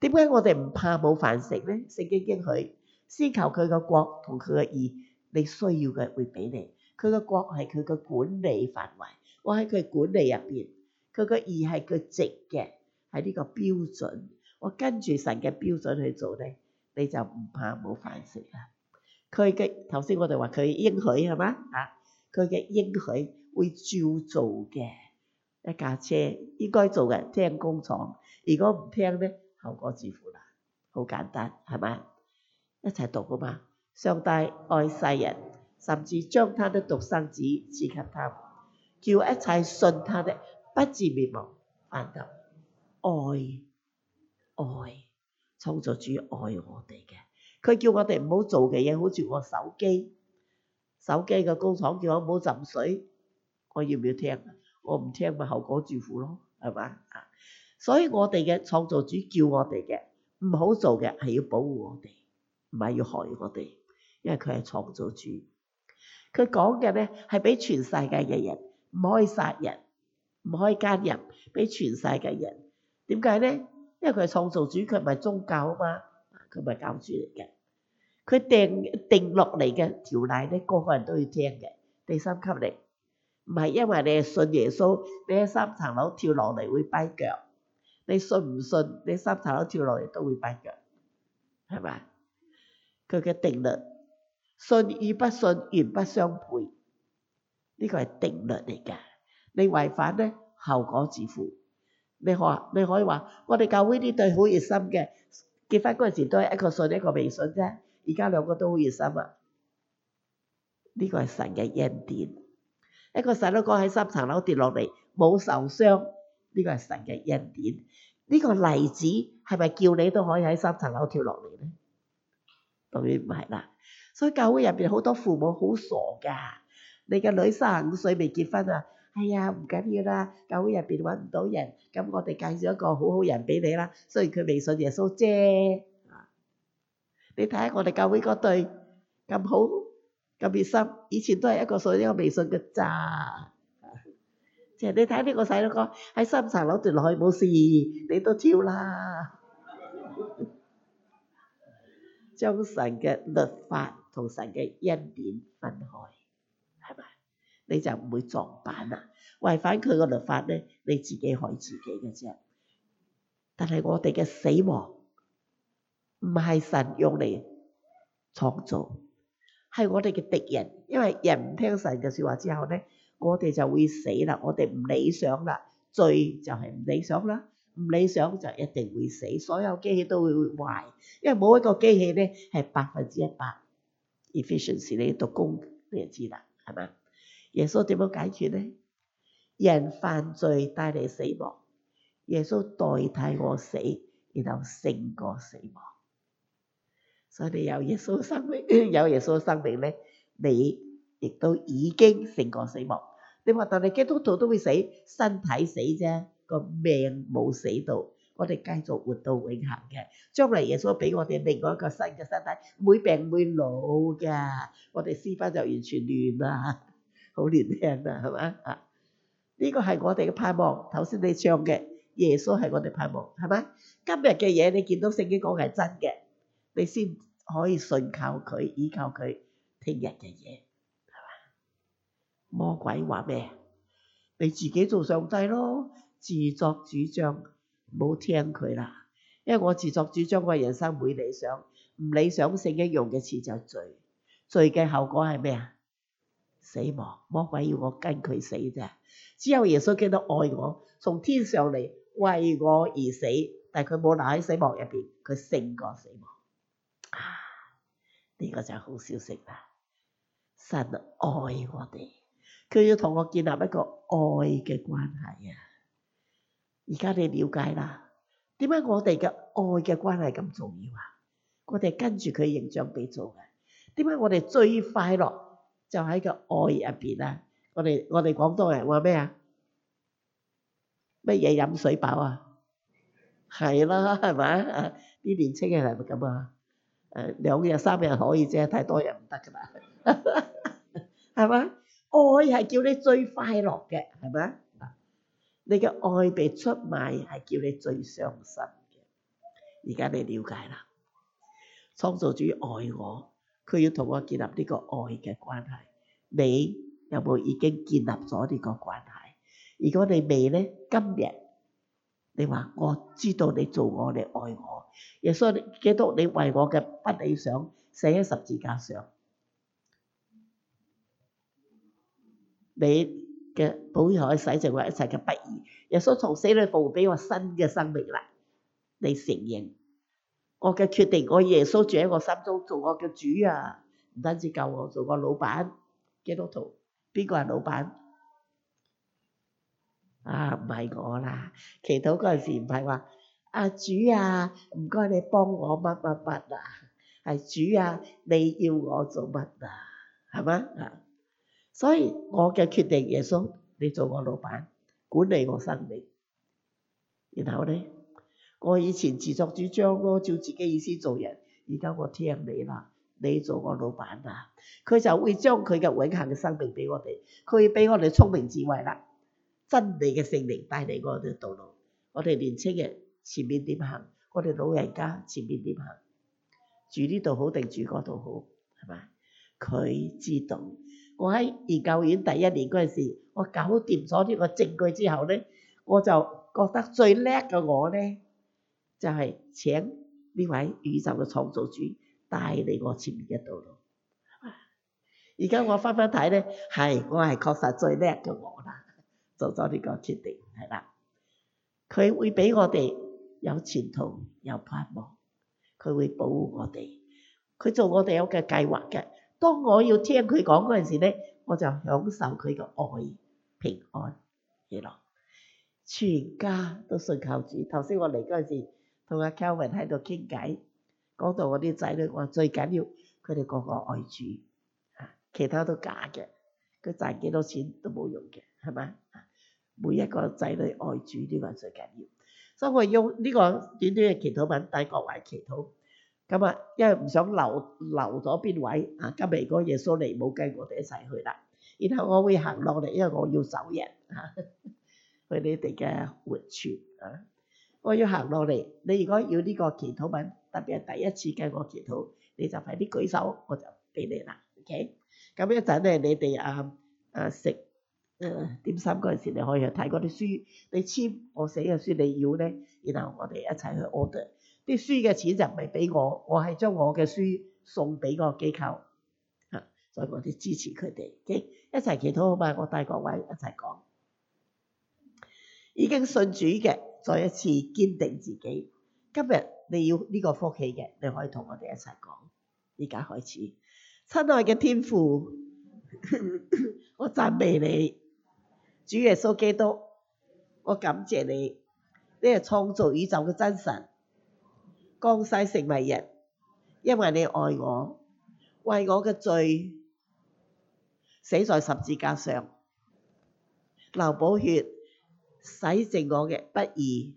點解我哋唔怕冇飯食咧？聖經經佢，先求佢個國同佢個義，你需要嘅會俾你。佢個國係佢嘅管理範圍，我喺佢管理入邊，佢個義係佢直嘅。喺呢個標準，我跟住神嘅標準去做咧，你就唔怕冇飯食啦。佢嘅頭先我哋話佢應許係嘛嚇，佢嘅應許會照做嘅。一架車應該做嘅聽工廠，如果唔聽咧，後果自負啦。好簡單係嘛？一齊讀啊嘛！上帝愛世人，甚至將他的獨生子賜給他，叫一切信他的不至滅亡。翻到。愛愛，創造主愛我哋嘅，佢叫我哋唔好做嘅嘢，好似我手機，手機嘅工廠叫我唔好浸水，我要唔要聽啊？我唔聽咪後果自負咯，係嘛啊？所以我哋嘅創造主叫我哋嘅唔好做嘅係要保護我哋，唔係要害我哋，因為佢係創造主，佢講嘅咧係俾全世界嘅人唔可以殺人，唔可以奸人，俾全世界人。點解咧？因為佢係創造主，佢唔係宗教啊嘛，佢唔係教主嚟嘅。佢定定落嚟嘅條例咧，個個人都要聽嘅。第三級嚟，唔係因為你係信耶穌，你喺三層樓跳落嚟會跛腳。你信唔信？你三層樓跳落嚟都會跛腳，係咪？佢嘅定律，信與不信，原不相配。呢個係定律嚟嘅，你違反咧，後果自負。你可，你可以話我哋教會呢對好熱心嘅結婚嗰陣時都係一個信一個未信啫，而家兩個都好熱心啊！呢個係神嘅恩典，一個細佬哥喺三層樓跌落嚟冇受傷，呢個係神嘅恩典。呢、這個例子係咪叫你都可以喺三層樓跳落嚟咧？當然唔係啦。所以教會入邊好多父母好傻㗎，你嘅女三十五歲未結婚啊？哎呀，唔緊要啦。教會入邊揾唔到人，咁我哋介紹一個好好人畀你啦。雖然佢未信耶穌啫，你睇下我哋教會嗰隊咁好，咁熱心，以前都係一個水，一個未信嘅咋。即係你睇呢個細路哥喺深層攞住落去，冇事，你都超啦。將 神嘅律法同神嘅恩典分開。你就唔會撞板啦，違反佢個律法咧，你自己害自己嘅啫。但係我哋嘅死亡唔係神用嚟創造，係我哋嘅敵人。因為人唔聽神嘅説話之後咧，我哋就會死啦。我哋唔理想啦，罪就係唔理想啦。唔理想就一定會死，所有機器都會壞，因為冇一個機器咧係百分之一百 efficiency 你讀功，你就知啦，係嘛？耶穌點樣解決呢？人犯罪帶嚟死亡，耶穌代替我死，然後勝過死亡。所以你有耶穌生命，有耶穌生命咧，你亦都已經勝過死亡。你話但係基督徒都會死，身體死啫，個命冇死到，我哋繼續活到永恒嘅。將來耶穌俾我哋另外一個新嘅身體，唔會病唔會老嘅，我哋私奔就完全亂啦。好年輕啊，係嘛啊？呢個係我哋嘅盼望。頭先你唱嘅耶穌係我哋盼望，係嘛？今日嘅嘢，你見到聖經講嘅係真嘅，你先可以信靠佢，依靠佢。聽日嘅嘢，係嘛？魔鬼話咩？你自己做上帝咯，自作主張，唔好聽佢啦。因為我自作主張，我人生唔理想，唔理想，聖經用嘅詞就係罪，罪嘅後果係咩啊？死亡。魔鬼要我跟佢死啫，只有耶穌基督愛我，從天上嚟為我而死，但佢冇留喺死亡入邊，佢勝過死亡。啊，呢個就係好消息啦！神愛我哋，佢要同我建立一個愛嘅關係啊！而家你了解啦，點解我哋嘅愛嘅關係咁重要啊？我哋跟住佢形象畀做嘅，點解我哋最快樂？就喺個愛入邊啊！我哋我哋廣東人話咩啊？乜嘢飲水飽啊？係啦，係嘛？啲年青人係咪咁啊？誒兩日三日可以啫，太多日唔得㗎嘛，係嘛？愛係叫你最快樂嘅，係咪啊？你嘅愛被出賣係叫你最傷心嘅，而家你了解啦。創造主愛我。佢要同我建立呢個愛嘅關係，你有冇已經建立咗呢個關係？如果你未咧，今日你話我知道你做我，你愛我，耶穌基督你為我嘅不理想死喺十字架上，你嘅寶血可以洗淨我一切嘅不義，耶穌從死裏復活俾我新嘅生命啦，你承認？我嘅決定，我耶穌住喺我心中做我嘅主啊，唔單止救我，做我老闆。基督徒，邊個係老闆？啊，唔係我啦。祈禱嗰陣時唔係話啊主啊，唔該你幫我乜乜乜啊，係主啊，你要我做乜啊？係嘛啊？所以我嘅決定，耶穌，你做我老闆，管理我生命。然後呢，我以前自作主張咯，啊，照自己意思做人。而家我聽你啦，你做我老闆啦，啊。佢就會將佢嘅永恒嘅生命畀我哋，佢俾我哋聰明智慧啦，真理嘅聖靈帶嚟我哋道路。我哋年青人前面點行？我哋老人家前面點行？住呢度好定住嗰度好？係嘛？佢知道。我喺研究院第一年嗰陣時，我搞掂咗呢個證據之後咧，我就覺得最叻嘅我咧。就係請呢位宇宙嘅創造主帶嚟我前面嘅道路。而家我返返睇咧，係我係確實最叻嘅我啦，做咗呢個決定係啦。佢會畀我哋有前途，有盼望，佢會保護我哋，佢做我哋有嘅計劃嘅。當我要聽佢講嗰陣時咧，我就享受佢嘅愛、平安、喜樂。全家都信靠主。頭先我嚟嗰陣時。同阿 Kelvin 喺度傾偈，講到我啲仔女話最緊要佢哋個個愛主，啊其他都假嘅，佢賺幾多錢都冇用嘅，係咪？每一個仔女愛主啲嘢、呢個、最緊要，所以我用呢、呢個短短嘅祈禱文帶各位祈禱。咁啊，因為唔想留留咗邊位啊，今日個耶穌嚟冇計，我哋一齊去啦。然後我會行落嚟，因為我要走人啊，去你哋嘅活泉啊。我要行落嚟，你如果要呢個祈禱文，特別係第一次跟我祈禱，你就快啲舉手，我就俾你啦。OK，咁一陣咧，你哋啊啊食啊、呃、點心嗰陣時，你可以去睇嗰啲書，你簽我寫嘅書，你要咧，然後我哋一齊去 order。啲書嘅錢就唔係俾我，我係將我嘅書送俾嗰個機構、啊，所以我哋支持佢哋。OK，一齊祈禱好嘛？我帶各位一齊講，已經信主嘅。再一次堅定自己，今日你要呢個福氣嘅，你可以同我哋一齊講。而家開始，親愛嘅天父， 我讚美你，主耶穌基督，我感謝你，你係創造宇宙嘅真神，降世成為人，因為你愛我，為我嘅罪死在十字架上，流寶血。洗淨我嘅不義，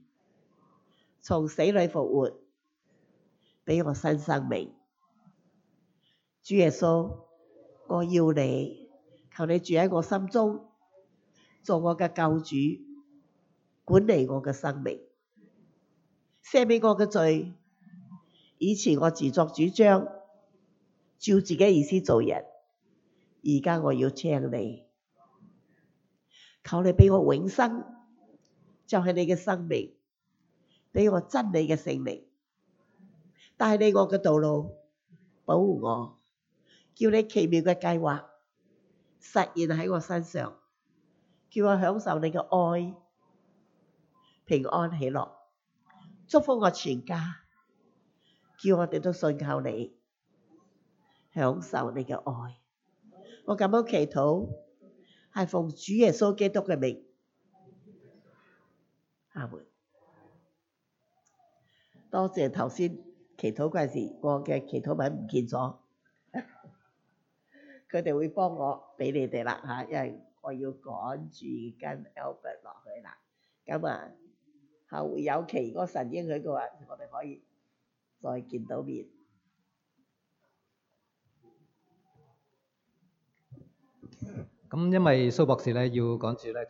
從死裏復活，畀我新生命。主耶穌，我要你，求你住喺我心中，做我嘅救主，管理我嘅生命，赦免我嘅罪。以前我自作主張，照自己意思做人，而家我要請你，求你畀我永生。就係你嘅生命，俾我真理嘅聖靈，帶你我嘅道路，保護我，叫你奇妙嘅計劃實現喺我身上，叫我享受你嘅愛，平安喜樂，祝福我全家，叫我哋都信靠你，享受你嘅愛。我咁樣祈禱，係奉主耶穌基督嘅名。多謝頭先祈禱嗰陣時，我嘅祈禱文唔見咗，佢哋會幫我俾你哋啦嚇，因為我要趕住跟 Albert 落去啦。咁啊，後會有期，個神應佢嘅話，我哋可以再見到面。咁因為蘇博士咧要趕住咧。